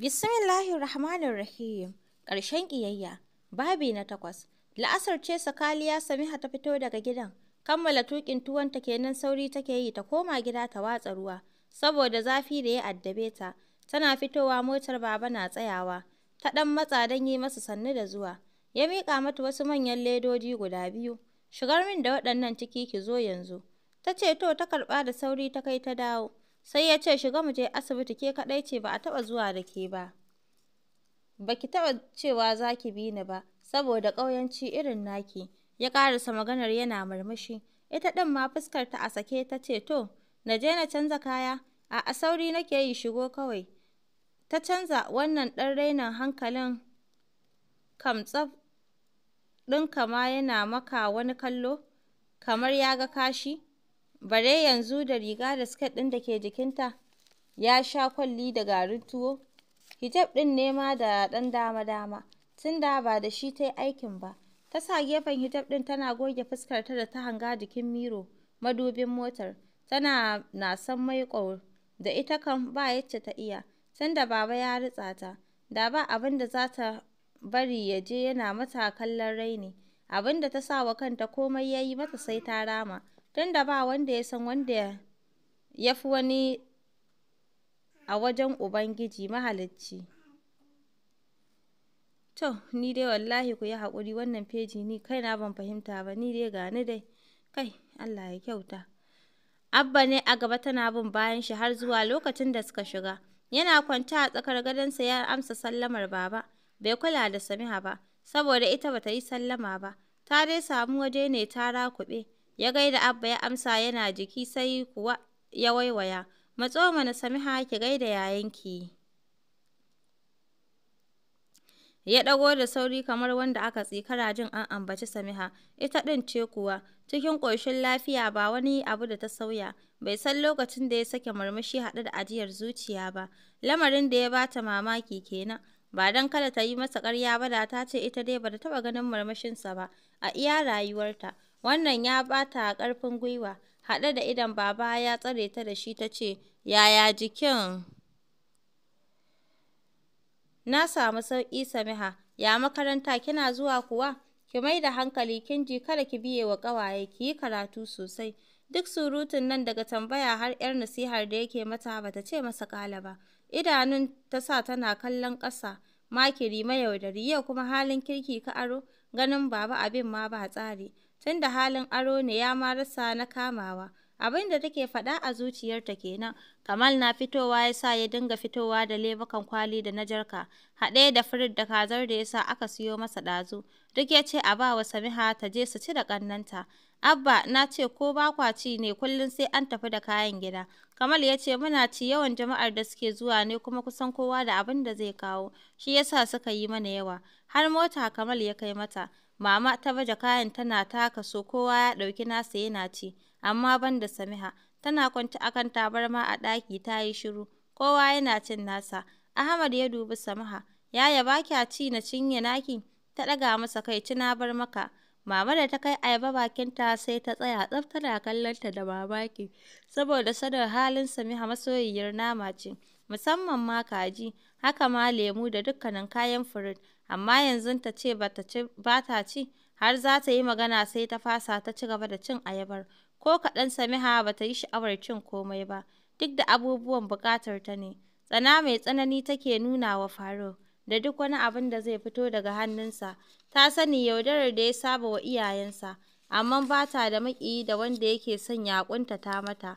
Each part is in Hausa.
Rahim. Ƙarshen ƙiyayya. Babi na takwas. La'asar ce Sakaliya Samiha ta fito daga gidan. Kammala tuƙin tuwonta kenan sauri take yi ta koma gida ta watsa ruwa. Saboda zafi da ya addabe ta. Tana fitowa motar baba na tsayawa. Ta ɗan matsa don yi masa sannu da zuwa. Ya miƙa mata wasu manyan ledoji guda biyu. Shigar min da waɗannan ciki ki zo yanzu. Ta ce to ta karɓa da sauri ta kai ta dawo. sai ya ce shiga mu je asibiti ke kadai ce ba a taɓa zuwa da ke ba ba ki taɓa cewa za ki bi ni ba saboda ƙauyanci irin naki ya karasa maganar yana murmushi ita din ma fuskar ta a sake ta ce to na je na canza kaya a sauri nake yi shigo kawai ta canza wannan dan rainon hankalin kam tsaf din kama yana maka wani kallo kamar ya ga kashi bare yanzu da riga da skirt ɗin da ke jikinta ya sha kwalli da garin tuwo hijab ɗin ne ma da ɗan dama-dama tun da ba da shi ta yi aikin ba ta sa gefen hijab ɗin tana goge fuskar ta da ta hanga jikin miro madubin motar tana na san mai maiƙo da ita kan ba yacce ta iya tun da baba ya ritsa ta da ba abin da za ta bari ya je yana mata kallon raini abin da ta sa wa kanta komai ya yi mata sai ta rama tunda ba wanda ya san wanda ya fi wani a wajen Ubangiji Mahalicci. To, ni dai wallahi ku yi haƙuri wannan feji ni kaina ban fahimta ba, ni dai gani dai, kai Allah ya kyauta. Abba ne a gaba tana bin bayan shi har zuwa lokacin da suka shiga. Yana kwance a tsakar gadonsa ya amsa sallamar baba, bai kula da Samiha ba, saboda ita bata yi sallama ba, ta dai samu waje ne ta rakuɓe. Ya gaida Abba ya amsa yana jiki sai kuwa ya waiwaya. Matso mana Samiha ki gaida yayanki. Ya ɗago da sauri kamar wanda aka tsikara jin an ambaci Samiha, ita ɗin ce kuwa, cikin ƙoshin lafiya ba wani abu da ta sauya, bai san lokacin da ya sake murmushi haɗe da ajiyar zuciya ba, lamarin da ya bata mamaki kenan. Ba don kada ta yi masa ƙarya ba da ta ce ita dai ba da taɓa ganin murmushinsa ba a iya rayuwarta, Wannan ya bata ta ƙarfin gwiwa, haɗe da idan Baba ya tsare ta da shi ta ce, “Yaya jikin?” “Na samu sauƙi Samiha, ya makaranta kina zuwa kuwa? Ki mai da hankali kin ji kada ki biye wa ƙawaye, ki yi karatu sosai.” Duk surutun nan daga tambaya har 'yar nasihar da yake mata ba ta ce masa ƙala ba. Idanun ta sa tana kallon ƙasa, makiri mayaudari, yau kuma halin kirki ka aro, ganin Baba abin ma ba tsari. da halin aro ne ya ma rasa na kamawa. Abin da take faɗa a zuciyarta kenan. Kamal na fitowa ya sa ya dinga fitowa da lebukan kwali da na jarka, haɗe da firid da kazar da ya sa aka siyo masa ɗazu. Duk ya ce a ba wa Samiha ta je su ci da ƙannanta. Abba na ce ko ba kwa ci ne kullum sai an tafi da kayan gida. Kamal ya ce muna ci yawan jama'ar da suke zuwa ne kuma kusan kowa da abin da zai kawo. Shi yasa suka yi mana yawa. Har mota Kamal ya kai mata. Mama ta baje kayan tana taka so kowa ya ɗauki nasa yana ci, amma ban da Samiha, tana kwanci a kan tabarma a ɗaki ta yi shiru, kowa yana cin nasa. Ahmad ya dubi Samiha, "Yaya ba kya ci na cinye naki?" Ta ɗaga masa kai, "Ci na bar maka." Mama da ta kai ayaba bakin ta sai ta tsaya tsaf tana kallonta da mamaki, saboda sadar halin Samiha masoyiyar nama ce, musamman ma kaji, haka ma lemu da dukkanin kayan furit. amma yanzu ta ce ba ta ci, har za ta yi magana sai ta fasa ta ci gaba da cin ayabar. Ko kaɗan Samiha ba ta yi sha'awar cin komai ba, duk da abubuwan buƙatar ta ne. Tsana mai tsanani take nuna wa Faruk da duk wani abin da zai fito daga hannunsa. Ta sani yaudarar da ya saba wa iyayensa, amma ba ta da maƙiyi da wanda yake son ya ƙuntata mata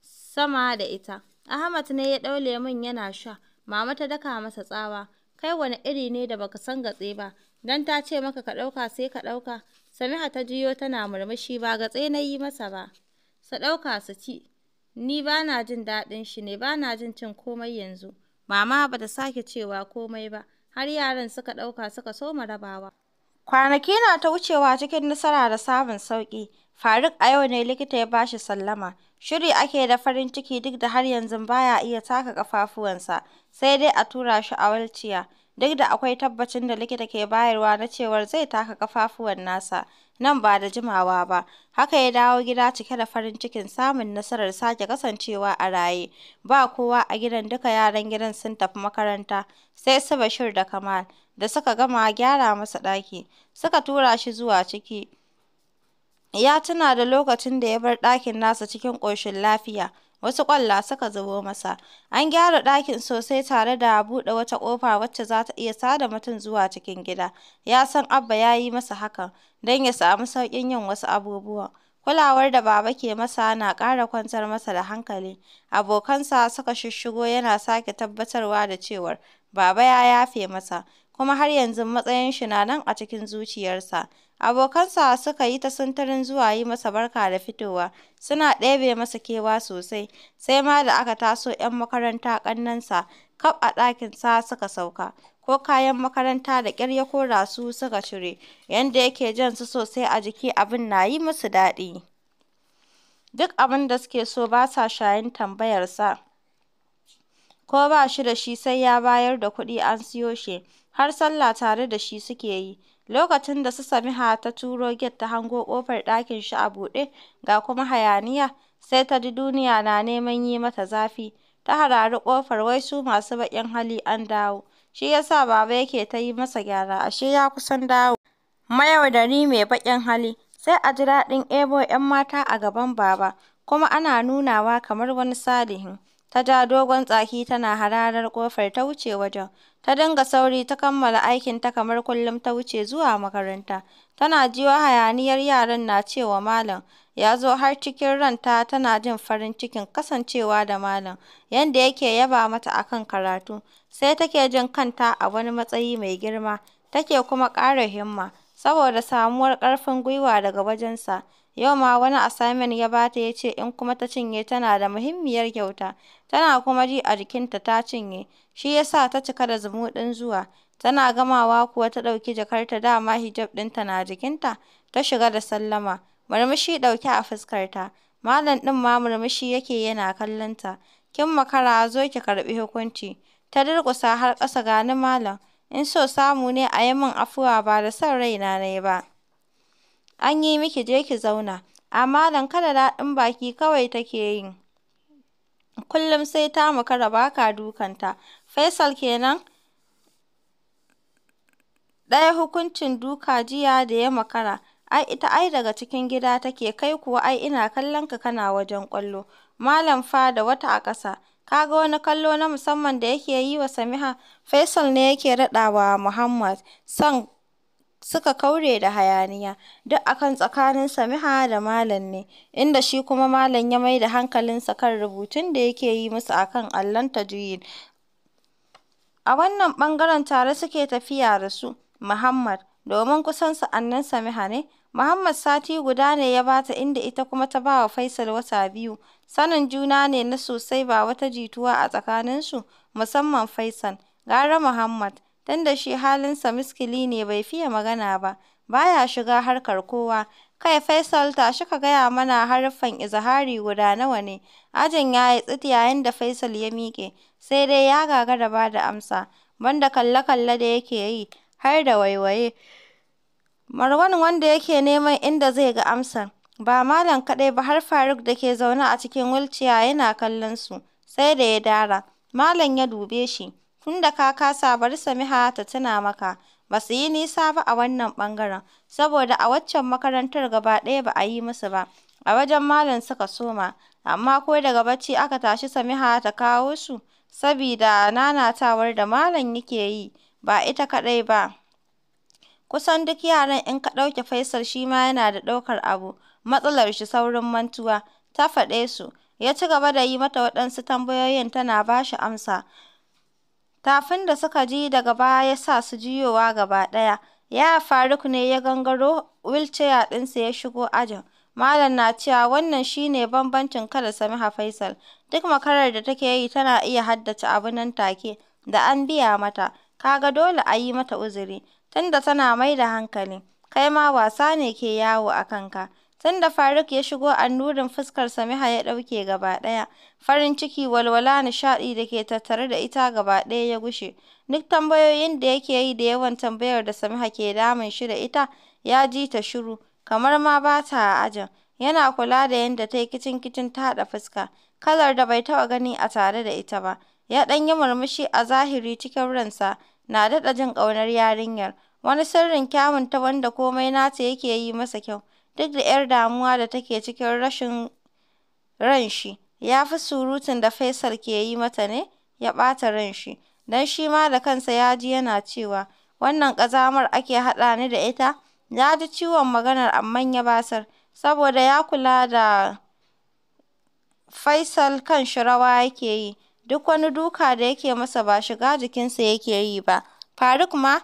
sama da ita. Ahmad ne ya ɗaule min yana sha, mama ta daka masa tsawa. kai wani iri ne da baka san gatse ba dan ta ce maka ka ɗauka sai ka ɗauka sami'a ta jiyo tana murmushi ba gatse na yi masa ba su ɗauka su ci ni ba na jin daɗin shi ne ba na jin cin komai yanzu mama ba ta sake cewa komai ba har yaran suka ɗauka suka soma rabawa kwanaki na ta wucewa cikin nasara da samun sauki. Faruk a yau ne likita ya ba shi sallama. Shiri ake da farin ciki duk da har yanzu ba ya iya taka ƙafafuwansa, sai dai a tura shi a walciya. Duk da akwai tabbacin da likita ke bayarwa na cewar zai taka kafafuwan nasa nan ba da jimawa ba. Haka ya dawo gida cike da farin cikin samun nasarar sake kasancewa a raye. Ba kowa a gidan duka yaran gidan sun tafi makaranta, sai su Bashir da Kamal da suka gama gyara masa ɗaki, suka tura shi zuwa ciki. Ya tuna da lokacin da ya bar ɗakin nasa cikin ƙoshin lafiya, wasu ƙwalla suka zubo masa. An gyara ɗakin sosai tare da buɗe wata ƙofa wacce za ta iya sada mutum zuwa cikin gida. Ya san Abba ya yi masa hakan don ya samu sauƙin yin wasu abubuwan. Kulawar da Baba ke masa na ƙara kwantar masa da hankali. Abokansa suka shishigo yana sake tabbatarwa da cewar Baba ya yafe masa, kuma har yanzu matsayin shi na nan a cikin zuciyarsa. Abokansa suka yi ta sintirin zuwa yi masa barka da fitowa, suna ɗebe masa kewa sosai, sai ma da aka taso 'yan makaranta ƙannensa kaf a ɗakinsa suka sauka, ko kayan makaranta da ƙyar ya kora su suka cire, yanda yake jan su sosai a jiki abin na yi musu daɗi. Duk abin da suke so ba sa shayin tambayarsa, ko ba shi da shi sai ya bayar da kuɗi an siyo shi, har sallah tare da shi suke yi. Lokacin da su Samiha ta turo gate ta hango ƙofar ɗakin shi a buɗe ga kuma hayaniya, sai ta ji duniya na neman yi mata zafi, ta harari ƙofar wai su masu baƙin hali an dawo, shi ya sa Baba yake ta yi masa gyara, ashe ya kusan dawo. Mayaudari mai baƙin hali, sai a ji daɗin ebo 'yan mata a gaban Baba, kuma ana nunawa kamar wani salihin. Ta ja dogon tsaki tana hararar ƙofar ta wuce wajen. Ta dinga sauri ta kammala aikinta kamar kullum ta wuce zuwa makaranta. Tana jiyo hayaniyar yaran na cewa malam ya zo har cikin ranta tana jin farin cikin kasancewa da malam yadda yake yaba mata akan karatu. Sai take jin kanta a wani matsayi mai girma take kuma ƙara himma saboda samuwar ƙarfin gwiwa daga wajensa. Yau ma wani assignment ya bata ya ce in kuma ta cinye tana da muhimmiyar kyauta, tana kuma ji a jikinta ta cinye, shi ya sa ta cika da zumuɗin zuwa, tana gamawa kuwa ta ɗauki jakarta dama hijab ɗinta na jikinta, ta shiga da sallama, murmushi ɗauke a fuskarta, malam ɗin ma murmushi yake yana kallonta kin makara zo ki karɓi hukunci, ta durƙusa har ƙasa ga malam, in so samu ne a yi min afuwa ba da son raina na yi ba. an yi miki je ki zauna, amma kada daɗin baki kawai take yi, kullum sai ta makara ba ka dukanta. Faisal kenan, ɗaya hukuncin duka jiya da ya makara. ai ita ai daga cikin gida take kai kuwa ai ina kallon ka kana wajen kwallo malam fa da wata a ƙasa kaga wani kallo na musamman da yake yi wa Samiha Faisal ne yake wa Muhammad son suka kaure da hayaniya, duk akan tsakanin Samiha da Malam ne, inda shi kuma Malam ya mai da hankalinsa kan rubutun da yake yi musu akan kan allon tajwid. A wannan bangaren tare suke tafiya da su, Muhammad, domin kusan sa'annin Samiha ne, Muhammad sati guda ne ya bata inda ita kuma ta ba wa Faisal wata biyu. Sanin juna ne na sosai ba wata jituwa a tsakaninsu, musamman Faisal. Gara Muhammad, tunda shi halinsa miskili ne bai fiye magana ba, baya shiga harkar kowa. Kai Faisal shi ka gaya mana haruffan izahari guda nawa ne? Ajin ya yi tsit yayin da Faisal ya miƙe, sai dai ya gagara ba da amsa, banda kalle-kalle da yake yi, har da waiwaye. Marwan wanda yake neman inda zai ga amsa. ba Malam kaɗai ba har Faruk da ke zaune a cikin wilciya yana kallon su, sai da ya dara. Malam ya dube shi, tun da ka kasa bari Samiha ta tuna maka, ba su yi nisa ba a wannan ɓangaren, saboda a waccan makarantar gaba ɗaya ba a yi musu ba, a wajen malam suka soma, amma ko daga bacci aka tashi Samiha ta kawo su, sabida nanatawar da malam yake yi, ba ita kaɗai ba. Kusan duk yaran in ka ɗauke Faisal shi ma yana da ɗaukar abu, matsalar shi saurin mantuwa, ta faɗe su, ya ci gaba da yi mata waɗansu tambayoyin tana ba shi amsa. Tafin da suka ji daga baya ya sa su jiyowa gaba ɗaya. ya Faruk ne ya gangaro wilcaya ɗinsa ya shigo ajin. Malam na cewa wannan shine bambancin kada sami Samiha Faisal. Duk makarar da take yi tana iya haddace abu nan take da an biya mata. Kaga dole a yi mata uzuri tunda tana mai da hankali. Kai ma wasa ne ke yawo a kanka. Tun da Faruk ya shigo annurin fuskar Samiha ya ɗauke gaba ɗaya, farin ciki, walwala, nishaɗi da ke tattare da ita gaba ɗaya ya gushe. Duk tambayoyin da yake yi da yawan tambayar da Samiha ke damun shi da ita, ya ji ta shiru, kamar ma ba ta a ajin. Yana kula da yadda ta yi kicin-kicin ta haɗa fuska, kalar da bai taɓa gani a tare da ita ba. Ya ɗan yi murmushi a zahiri cikin ransa, na daɗa jin ƙaunar yarinyar. Wani sirrin ta wanda komai nata yake yi masa kyau. duk da 'yar damuwa da take cikin rashin ran shi, ya fi surutun da Faisal ke yi mata ne ya ɓata ran shi, don shi ma da kansa ya ji yana cewa, wannan ƙazamar ake haɗa ni da ita, ya ji ciwon maganar amma ya basar, saboda ya kula da Faisal kan shi rawa yake yi, duk wani duka da yake masa ba shiga jikinsa yake yi ba. Faruk ma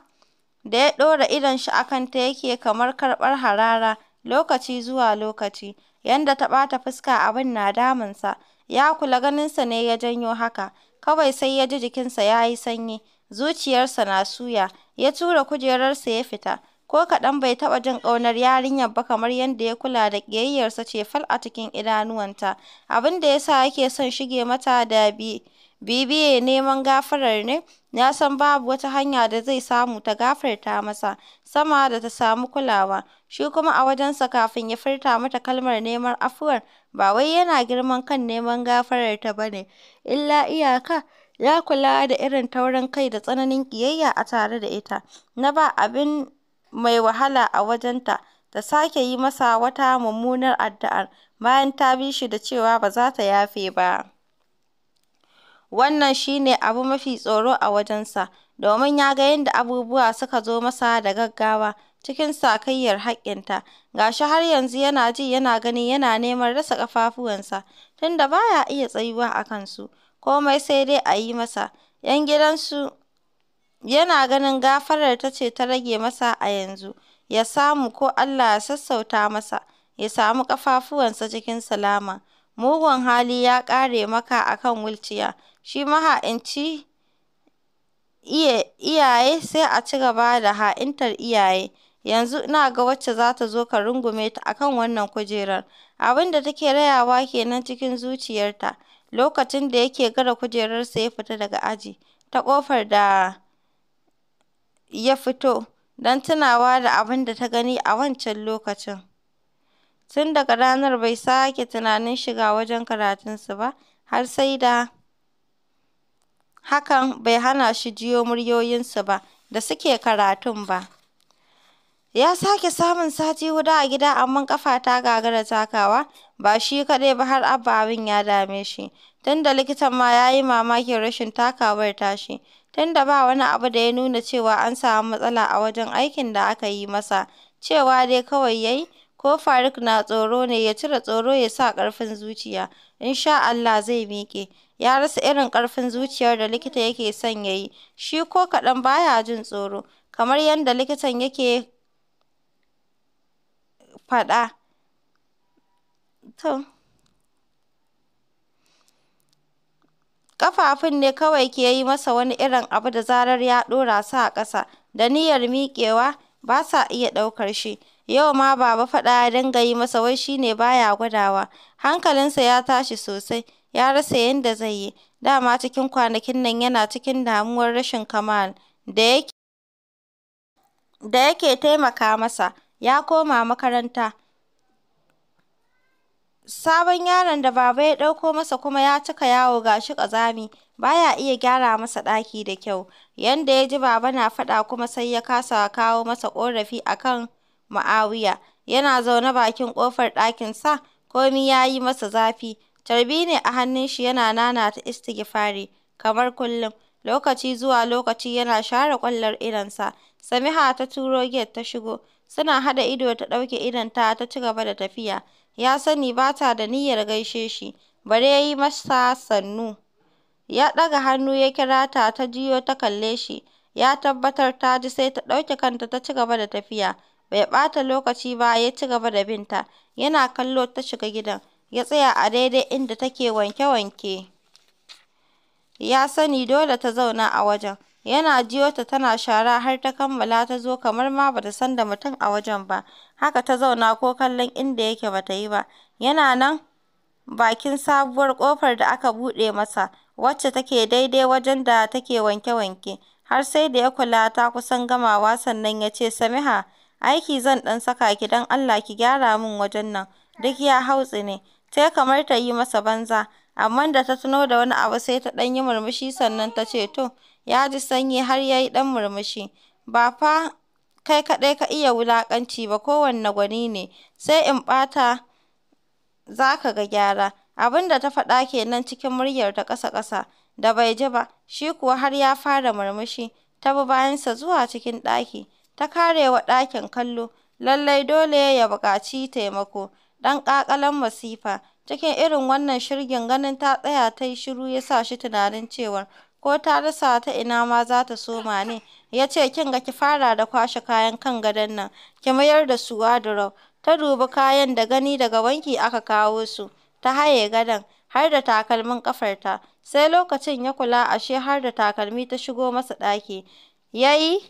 da ya ɗora idon shi a kanta yake kamar karɓar harara. lokaci zuwa lokaci, yadda ta ɓata fuska abin na damunsa, ya kula ganinsa ne ya janyo haka, kawai sai ya ji jikinsa ya yi sanyi, zuciyarsa na suya, ya tura kujerarsa ya fita, ko kaɗan bai taɓa jin ƙaunar yarinyar ba kamar yadda ya kula da ƙiyayyarsa ce fal a cikin idanuwanta, abin da ya sa yake son shige mata da bi Bibiye neman gafarar ne, ya san babu wata hanya da zai samu ta gafarta masa sama da ta samu kulawa, shi kuma a wajensa kafin ya furta mata kalmar neman afuwar ba wai yana girman kan neman ta ba ne, illa iyaka ya kula da irin taurin kai da tsananin ƙiyayya a tare da ita, na ba abin mai wahala a wajenta ta sake yi masa wata mummunar addu'ar bayan ta bi shi da cewa ba za ta yafe ba. Wannan shi ne abu mafi tsoro a wajensa, domin ya ga yadda abubuwa suka zo masa da gaggawa, cikin sakayyar haƙƙinta, ga shi har yanzu yana ji yana gani yana neman rasa ƙafafuwansa, tunda ba ya iya tsayuwa a kansu, komai sai dai a yi masa. 'Yan gidansu yana ganin gafarar ta ce ta rage masa a yanzu, ya samu ko Allah ya sassauta masa, ya samu ƙafafuwansa cikin salama. mugun hali ya ƙare maka akan kan walciya, shi ma ha'inci iyaye sai a ci gaba da ha'intar iyaye, yanzu na ga wacce za ta zo ka rungume ta a kan wannan kujerar, abin da take rayawa kenan cikin zuciyarta, lokacin da yake gara kujerarsa ya fita daga aji, ta ƙofar da ya fito, don tunawa da abin da ta gani a wancan lokacin. Tun daga ranar bai sake tunanin shiga wajen karatunsu ba, har sai da hakan bai hana shi jiyo muryoyinsu ba da suke karatun ba. Ya sake samun sati huda a gida amma kafa ta gagara takawa, ba shi kaɗai ba har Abba abin ya dame shi, tunda likitan ma ya yi mamakin rashin takawar tashi, tunda ba wani abu da ya nuna cewa an samu matsala a wajen aikin da aka yi masa, cewa dai kawai ya yi Ko Faruk na tsoro ne, ya cire tsoro ya sa ƙarfin zuciya, in sha Allah zai miƙe. Ya rasa irin ƙarfin zuciyar da likita yake son ya yi, shi ko kaɗan baya jin tsoro, kamar yadda likitan yake faɗa. To. Ƙafafun ne kawai ke yi masa wani irin abu da zarar ya ɗora su a ƙasa, da niyyar miƙewa ba sa iya ɗaukar shi. Yau ma Baba faɗa ya dinga yi masa wai shi ne baya gwadawa. Hankalinsa ya tashi sosai, ya rasa yadda zai yi. Dama cikin kwanakin nan yana cikin damuwar rashin Kamal da yake taimaka masa. Ya koma makaranta. Sabon yaron da Baba ya ɗauko masa kuma ya cika yawo ga shi ƙazami, baya iya gyara masa ɗaki da kyau. Yadda ya ji Baba na faɗa kuma sai ya kasa kawo masa ƙorafi a kan Mu'awiya, yana zaune bakin ƙofar ɗakinsa, komai ya yi masa zafi, tarbi ne a hannun shi yana nana ta istighfari, kamar kullum, lokaci zuwa lokaci yana share ƙwallar idonsa. Samiha ta turo gate ta shigo, suna hada ido ta dauke idonta ta ci gaba da tafiya. Ya sani ba ta da niyyar gaishe shi, bare yayi yi masa sannu. Ya daga hannu ya kira ta, ta juyo ta kalle shi, ya tabbatar ta ji sai ta dauke kanta ta ci gaba da tafiya. Bai ɓata lokaci ba ya ci gaba da binta, yana kallo ta shiga gidan, ya tsaya a daidai inda take wanke-wanke. Ya sani dole ta zauna a wajen, yana jiyo ta tana shara har ta kammala ta zo kamar ma bata san da mutum a wajen ba, haka ta zauna ko kallon inda yake bata yi ba, yana nan bakin sabuwar ƙofar da aka buɗe masa, wacce take daidai wajen da take wanke-wanke, har sai da ya kula ta kusan gamawa sannan ya ce, Samiha Aiki zan ɗan saka ki don Allah ki gyara min wajen nan, duk ya hautsi ne sai kamar ta yi masa banza, amma da ta tuno da wani abu sai ta ɗan yi murmushi sannan ta ce to, ya ji sanyi har ya yi ɗan murmushi. Ba fa kai kaɗai ka iya wulaƙanci ba kowanne gwani ne, sai in ɓata za ka ga gyara. Abin da ta faɗa kenan cikin muryar ta ƙasa-ƙasa, da bai ji ba, shi kuwa har ya fara murmushi, ta bi bayansa zuwa cikin ɗaki. ta karewa ɗakin kallo, lallai dole ya buƙaci taimako, ɗan ƙaƙalan masifa, cikin irin wannan shirgin ganin ta tsaya ta yi shiru ya sa shi tunanin cewar ko ta rasa ta ina ma za ta soma ne, ya ce kin ga ki fara da kwashe kayan kan gadon nan, ki mayar da su wardrobe, ta dubi kayan da gani daga wanki aka kawo su, ta haye gadon. har da takalmin ƙafarta, sai lokacin ya kula ashe har da takalmi ta shigo masa ɗaki, ya yi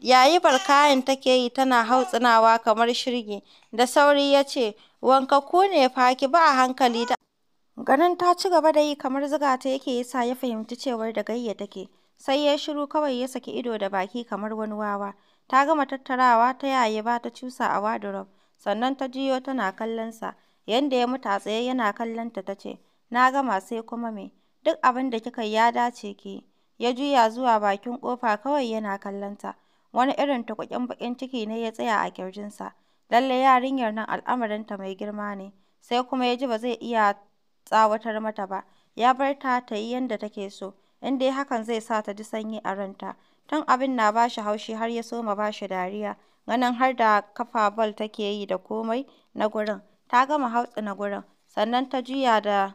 yayi kayan take yi tana hautsinawa kamar shirgi, da sauri ya ce, ku ne fa, ki bi hankali da Ganin ta ci gaba da yi kamar zuga ta yake ya sa ya fahimci cewar da gayya take, sai ya shiru kawai ya saki ido da baki kamar wani wawa. Ta gama tattarawa ta yaye ba ta cusa a wardrobe, sannan ta jiyo tana kallon sa, yanda ya mutu a tsaye yana kallon ta Na gama sai kuma me, duk abin da kika yi ya dace ki Ya juya zuwa bakin kofa kawai yana kallon wani irin tukukin bakin ciki ne ya tsaya a kirjinsa lalle yarinyar nan al'amarinta mai girma ne, sai kuma ya ji ba zai iya tsawatar mata ba, ya bar ta ta yi yadda take so, in dai hakan zai sa ta ji sanyi a ranta. Tun abin na ba shi haushi har ya soma ba shi dariya, ganin har da kafa bal take yi da komai na gurin. Ta gama hautsi na gurin, sannan ta juya da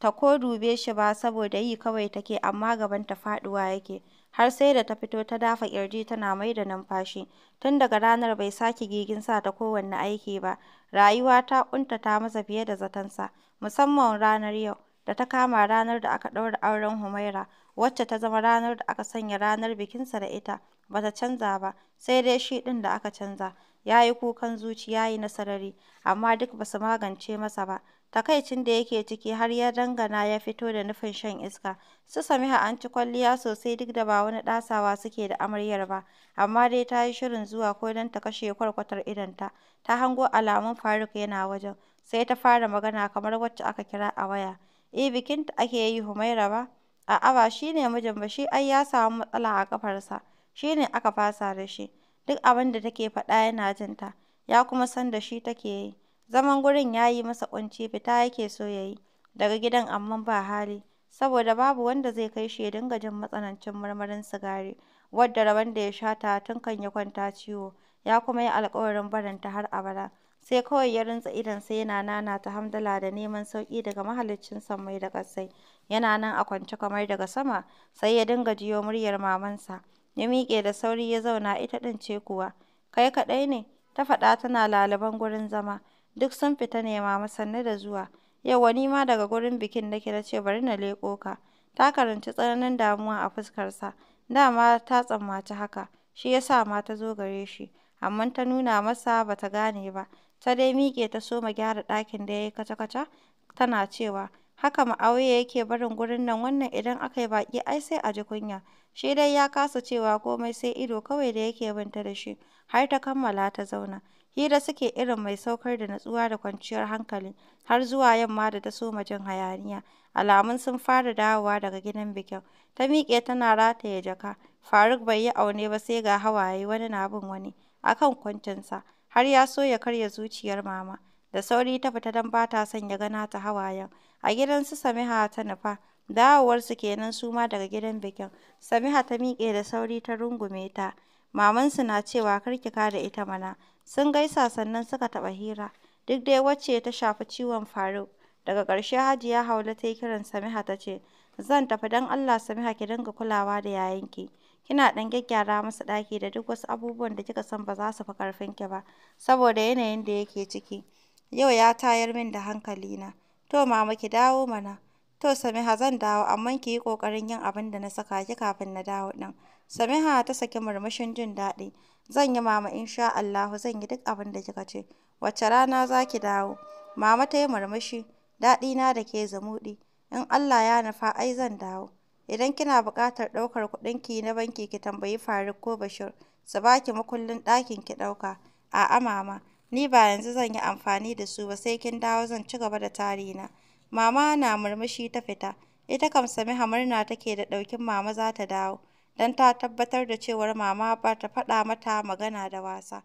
ta ko dube shi ba saboda yi kawai take amma gaban ta faduwa yake, har sai da ta fito ta dafa kirji tana mai da numfashi. Tun daga ranar bai saki gigin sa ta kowanne aiki ba, rayuwa ta ta masa fiye da zatansa musamman ranar yau. da ta kama ranar da aka daura auren Humaira, wacce ta zama ranar da aka sanya ranar bikinsa da ita, ba ta canza ba, sai dai shi ɗin da aka canza. yayi kukan zuciya ya yi na sarari, amma duk basu magance masa ba, Takaicin da yake ciki har ya dangana ya fito da nufin shan iska. Su Samiha an ci kwalliya sosai duk da ba wani ɗasawa suke da amaryar ba, amma dai ta yi shirin zuwa ko don ta kashe kwarkwatar idonta, ta hango alamun Faruk yana wajen, sai ta fara magana kamar wacce aka kira a waya. "Eh, bikinta ake yi Humaira ba? A'a, ba shi ne mijin ba, shi ai ya samu matsala a kafarsa. shi ne aka fasa da shi. Duk abin da take faɗa yana jinta ya kuma san da shi take yi. Zaman gurin ya yi masa ƙunci, fita yake so ya yi daga gidan amma ba hali, saboda babu wanda zai kai shi ya dinga jin matsanancin marmarin sigari, wadda rabon da ya sha ta tun kan ya kwanta ciwo, ya kuma yi alƙawarin barinta har abada, sai kawai ya idon sai yana nana ta hamdala da neman sauƙi daga Mahaliccin mai da ƙasai, yana nan a kwance kamar daga sama, sai ya dinga jiyo muryar mamansa, ya miƙe da sauri ya zauna, ita ɗin ce kuwa, kai kaɗai ne? ta faɗa tana lalaban gurin zama. duk sun fita nema mama sannu da zuwa, yauwa ni ma daga gurin bikin nake na ce bari na leƙo ka. Ta karanci tsananin damuwa a fuskarsa, dama ta tsammaci haka, shi ya sa ma ta zo gare shi, amma ta nuna masa ba ta gane ba, ta dai miƙe ta soma gyara ɗakin da ya yi kaca-kaca, tana cewa, haka Ma'auya yake barin gurin nan wannan idan aka yi baƙi ai sai a ji kunya. Shi dai ya kasa cewa komai sai ido kawai da yake binta da shi, har ta kammala ta zauna. Hira suke irin mai saukar da natsuwa da kwanciyar hankali, har zuwa yamma da ta soma jin hayaniya, alamun sun fara dawowa daga gidan bikin. Ta miƙe tana rataye jaka, Faruk bai yi aune ba sai ga hawaye wani na bin wani, akan kan har ya so ya karya zuciyar Mama. Da sauri ta fita don ba ta son ya ga nata hawayen. A gidan su Samiha ta nufa, dawowarsu kenan su ma daga gidan bikin. Samiha ta miƙe da sauri ta rungume ta. mamansu na cewa kar ki kada ita mana. Sun gaisa sannan suka taɓa hira, duk dai wacce ta shafi ciwon Faruk. Daga ƙarshe Hajiya Haula ta yi kiran Samiha ta ce, Zan tafi don Allah Samiha ki dinga kulawa da yayanki. Kina ɗan gyaggyara masa ɗaki da duk wasu abubuwan da kika san ba za su fi ƙarfinki ba, saboda yanayin da yake ciki. Yau ya tayar min da hankali na To mama ki dawo mana. To Samiha zan dawo amma ki yi ƙoƙarin yin abin da na saka ki kafin na dawo ɗin. Samiha ta saki murmushin jin daɗi. Zan yi mama insha Allahu zan yi duk abin da kika ce. Wace rana za ki dawo? Mama ta yi murmushi. Daɗi na da ke zumuɗi. In Allah ya nufa ai zan dawo. Idan kina buƙatar ɗaukar kuɗinki na banki ki tambayi Faruk ko Bashir su baki makullin ɗakin ki ɗauka. A'a mama, ni ba yanzu zan yi amfani da su ba sai kin dawo zan ci gaba da tarina. Mama na murmushi ta fita. Ita kam Samiha murna take da ɗaukin mama za ta dawo. don ta tabbatar da cewar mama ba ta faɗa mata magana da wasa.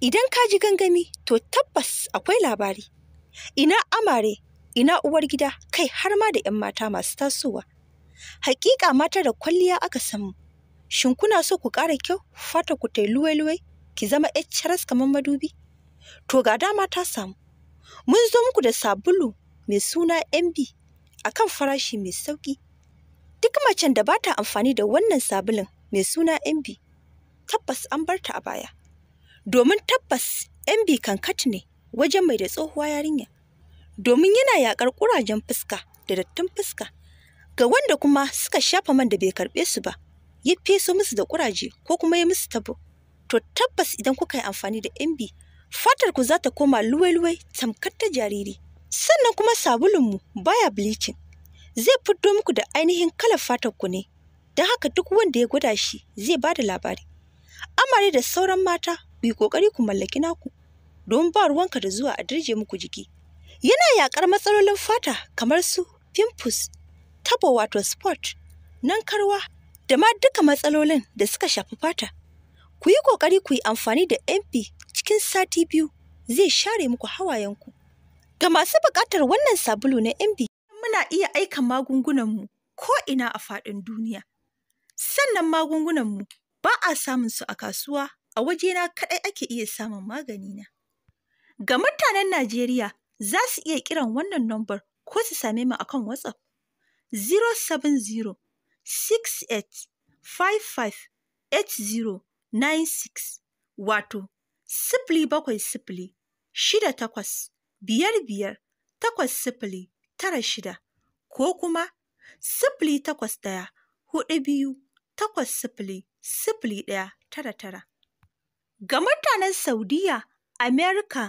Idan ka ji gangami, to tabbas akwai labari. Ina amare, ina uwar gida, kai har ma da ‘yan mata masu tasowa. Hakika mata da kwalliya aka samu. Shin kuna so ku ƙara kyau, fata ku ta luwai-luwai, ki zama HRS kamar madubi? To ga dama ta samu. Mun zo muku da sabulu mai suna 'yan MB kan farashi mai sauƙi. Duk macen da ba ta amfani da wannan sabulin mai suna MB, tabbas an bar ta a baya. Domin tabbas MB kankat ne wajen mai da tsohuwa yarinya. Domin yana yakar ƙurajen fuska da dattin fuska. Ga wanda kuma suka shafa man da bai karɓe su ba, ya feso musu da ƙuraje ko kuma ya musu tabo. To tabbas idan kuka yi amfani da MB, fatar ku za ta koma luwai-luwai tamkar ta jariri. Sannan kuma sabulunmu baya bleaching. zai fito muku da ainihin kalar fatar ku ne don haka duk wanda ya gwada shi zai ba da labari amare da sauran mata ku yi kokari ku mallaki naku don ba ruwanka da zuwa a dirje muku jiki yana yakar matsalolin fata kamar su pimples tabo wato spot nankarwa da ma duka matsalolin da suka shafi fata ku yi kokari ku yi amfani da mp cikin sati biyu zai share muku hawayenku ga masu buƙatar wannan sabulu na mp muna iya aika magungunanmu ina a faɗin duniya. Sannan magungunanmu ba a samun su a kasuwa, a wajena kaɗai ake iya samun maganina. Ga mutanen Najeriya za su iya kiran wannan nombar ko su same mu akan WhatsApp six-eight-five-five eight-zero-nine-six, wato sifili bakwai sifili shida takwas biyar biyar takwas sifili tara shida ko kuma sifili takwas ɗaya huɗu biyu takwas sifili sifili ɗaya tara tara. Ga mutanen Saudiya, Amerika,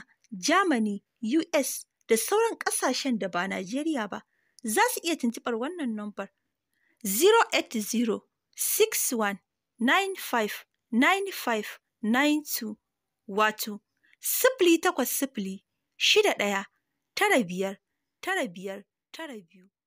Germany, US da sauran ƙasashen da ba Najeriya ba za su iya tuntuɓar wannan nombar 080 61 95 95 92 wato sifili takwas sifili shida ɗaya tara biyar tara biyar tara biyu.